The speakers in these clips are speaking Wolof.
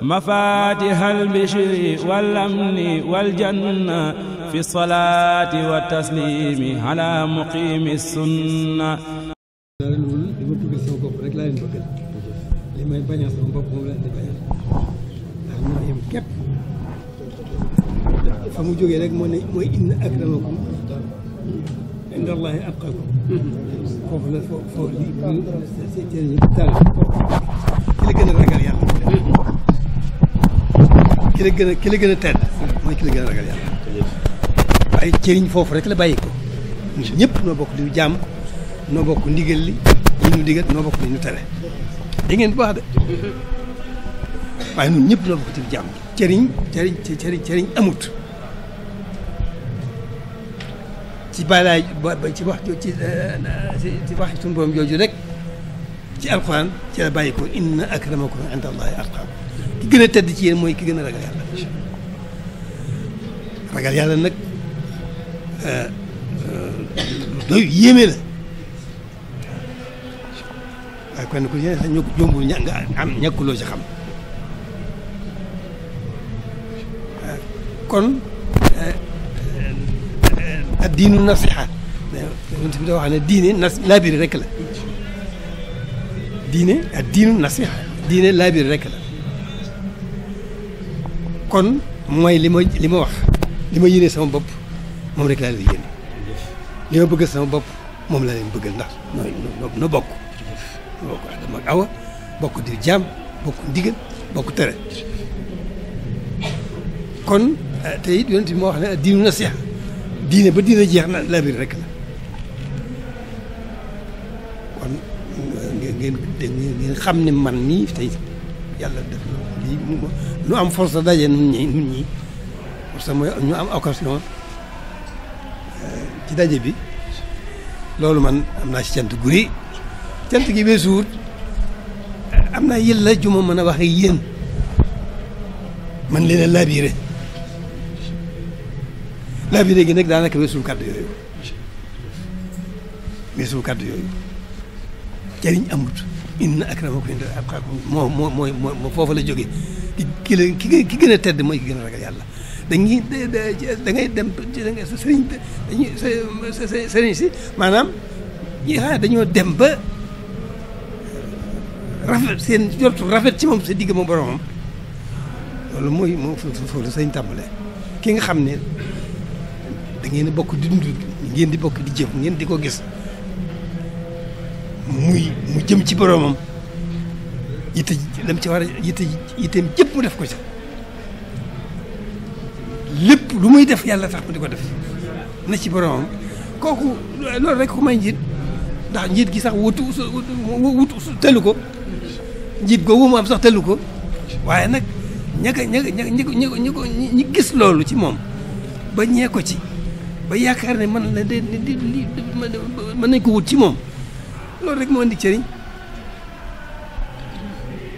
مفاتيح البشر والأمن والجنة في الصلاة والتسليم على مقيم السنة fa mu jógee rek moo ne mooy inna akramakum inda Allahi atqakum foofu la foofu ki la gën a ki la gën a tedd mooy ki la gën a ragal yàlla waaye cëriñ foofu rek la bàyyi ko ñëpp noo bokk di jàmm noo bokk ndigal li li ñu digal noo bokk li ñu tere da ngeen bu waaye ñun ñëpp noo bokk di jàmm cëriñ cëriñ cëriñ cëriñ amut ci balaay ci wax eh, eh, ci ci wax suñu jooju rek ci alquran ci la bàyyi ko inna akramakum inda allahi atqaakum ki gën a ci yéen mooy ki gën a ragal yàlla ragal euh, euh, doy yéeme kon ku yéene sax ñoo ko jombul ña kon euh, ad diinu nasiha yonent bi da wax diine ak diinu nasiha diine laabir rek la kon mooy li ma li ma wax li ma yéene sama bopp moom rek laa leen yéene li ma bëggal sama bopp moom laa leen bëggal ndax nooy no bokk no bokk Adama ak Awa bokk di jaam bokk ndigal bokk tere kon eh, te it yonent bi moo wax ne diinu nasiha diine ba diine jeex na laabir rek la ngeen ngeen xam ne man mii tey yàlla lu am force daje nun ñi nun mooy ñu am occasion euh, ci daje bi loolu man am naa ci cant guri cant gi weesuwut am naa yëlla ju ma mën a wax ak yéen man leen a labiré labiré gi nag daanaka weesuwul kàddu yooyu weesuwul kàddu yooyu jariñ amut inna akramakum inda atqaakum moo moo mooy moo foofu la jógee ki ki la ki gën a tedd mooy ki gën a ragal yàlla dañuy da ngay dem sa sëriñ dañuy sa sëriñ si maanaam ñi dañoo dem ba rafet seen jortu rafet ci moom sa digg moom boromam loolu mooy moom foofu la tàmbalee ki nga xam ne da ngeen bokk di dund ngeen di bokk di jëf ngeen di ko gis muy mu jëm ci boroomam yitte lam ci war a yitte yitteem jëpp mu def ko ci lépp lu muy def yàlla tax mu di ko def na ci boroomam kooku loolu rek ko may njiit ndax njiit gi sax wutu wutu tëllu ko njiit googu mu am sax tëllu ko waaye nag ña ka gis loolu ci moom ba ñee ko ci ba yaakaar ne man la de mën nañ ko wut ci moom loolu rek moo indi cëriñ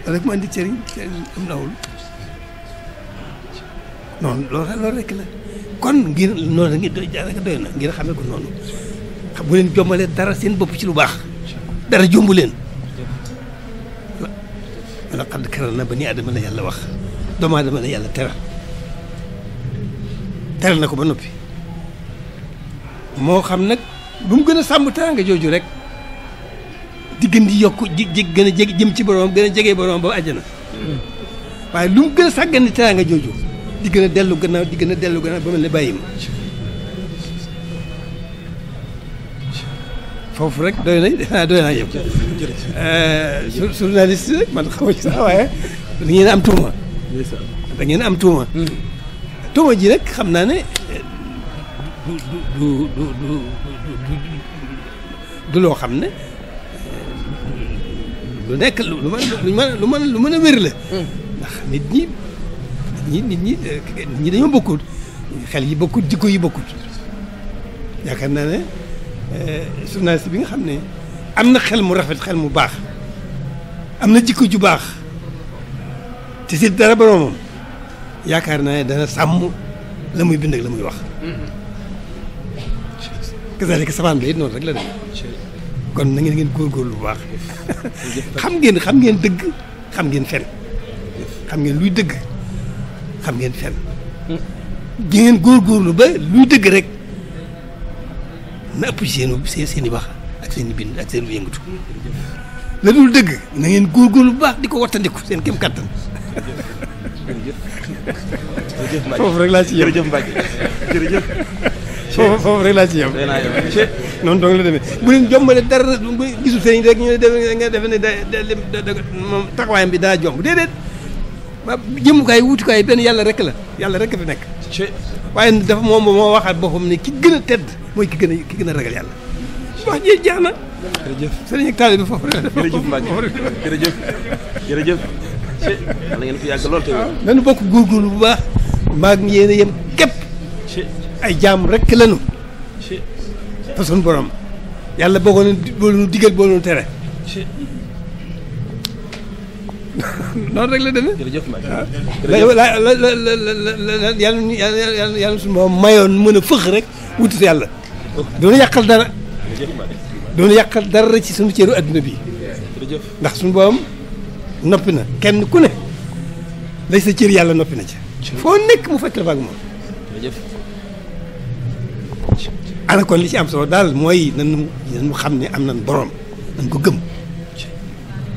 loolu rek moo indi cëriñ am lawul noonu loolu loolu rek la kon ngir noonu ngi doy jaaraka doy na ngir xamee ko noonu xam bu leen jombalee dara seen bopp ci lu baax dara jombu leen wala xadd karal na ba ni adama la yàlla wax doomu adama la yàlla teral teral na ko ba noppi moo xam nag lu mu gën a sàmb teranga jooju rek di gën di yokk ji gën a jege jëm ci borom gën a jege borom ba àjjana waaye lu mu gën a sàggane teraanga jooju di gën a dellu gannaaw di gën a dellu gannaaw ba mel ne bàyyi foofu rek doy na doy naa yëpp euh, journaliste rek man xaw ci sax waaye da am tuuma dangeen am tuuma tuuma ji rek xam naa ne euh, du du du du du du loo xam ne lu nekk lu mën lu mën lu mën lu mën a wér la. Hmm. ndax nit ñi nit ñi nit ñi dañoo bokkut xel yi bokkut jikko yi bokkut yaakaar naa ne eh, journaliste bi nga xam ne am na xel mu rafet xel mu baax am na jikko ju baax te si dara boromam yaakaar naa ne dana sàmm la muy bind ak la muy wax. Hmm. kazaalika sabaan bi it noonu rek la demee. kon na ngeen ngeen góor bu baax xam ngeen xam ngeen dëgg xam ngeen fen xam ngeen luy dëgg xam ngeen fen di ngeen góorgóorlu ba luy dëgg rek na ëpp seen seen seen i wax ak seen i bind ak seen i yëngatu la dul dëgg na ngeen góor lu baax di ko wattandiku seen kéem kattan. foofu rek laa ci noonu dong la demee bu leen jombale dara gisul sëriñ rek ñu ne nga defe ne da da moom taxawaayam bi daa jomb déedéet ba jëmukaay wutukaay benn yàlla rek la yàlla rek fi nekk. waaye dafa moom moo waxaat boppam ne ki gën a tedd mooy ki gën a ki gën a yàlla. wax jeex na. jërëjëf sëriñ ak taalibe foofu rek. jërëjëf Mbacke jërëjëf jërëjëf. na ngeen fi yàgg lool bokk góorgóorlu bu baax. maa ngi yéen yem képp. ay jaam rek lanu fa borom yàlla boo ko nu digal boo nu tere. noonu rek la demee. jërëjëf ma ah. jërëjëf la la la la la yàlla yàlla yàlla suñu borom mayoon mën a fëx rek wutit yàlla. doonu yàqal dara. doonu yàqal dara ci suñu cëru adduna bi. ndax suñu borom noppi na kenn ku ne lay sa cër yàlla noppi na ci. foo nekk mu fekk la fa moom. ana kon li ci am solo daal mooy nan nañu xam ne am nañ borom nañ ko gëm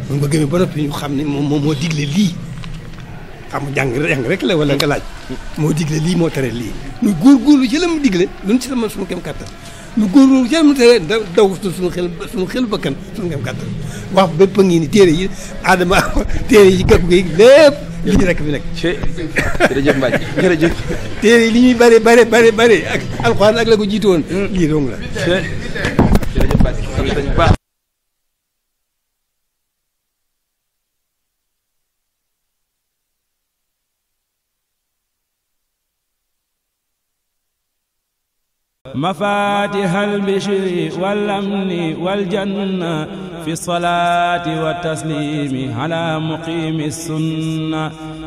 nañ ko gëmee ba noppi ñu xam ne moom moom moo digle lii xam jàng jàng rek la wala nga laaj moo digle lii moo tere lii ñu góorgóorlu ci la mu digle luñ ci sama suñu kem kàttan ñu góorgóorlu ci la mu tere da daw suñu xel suñu xelu bakkan suñu kem kàttan ni téere yi adama téere yi gàkku gi lépp lii rek fi nekk. jërëjëf Mbacke jërëjëf. téere yi li ñuy bare bare bare bare ak alxuraan ak la ko jiitu woon. Hmm. lii dong la. jërëjëf Mbacke مفاتيح البشر والأمن والجنة fi salaati wa tasliimi ala muqiimi sunna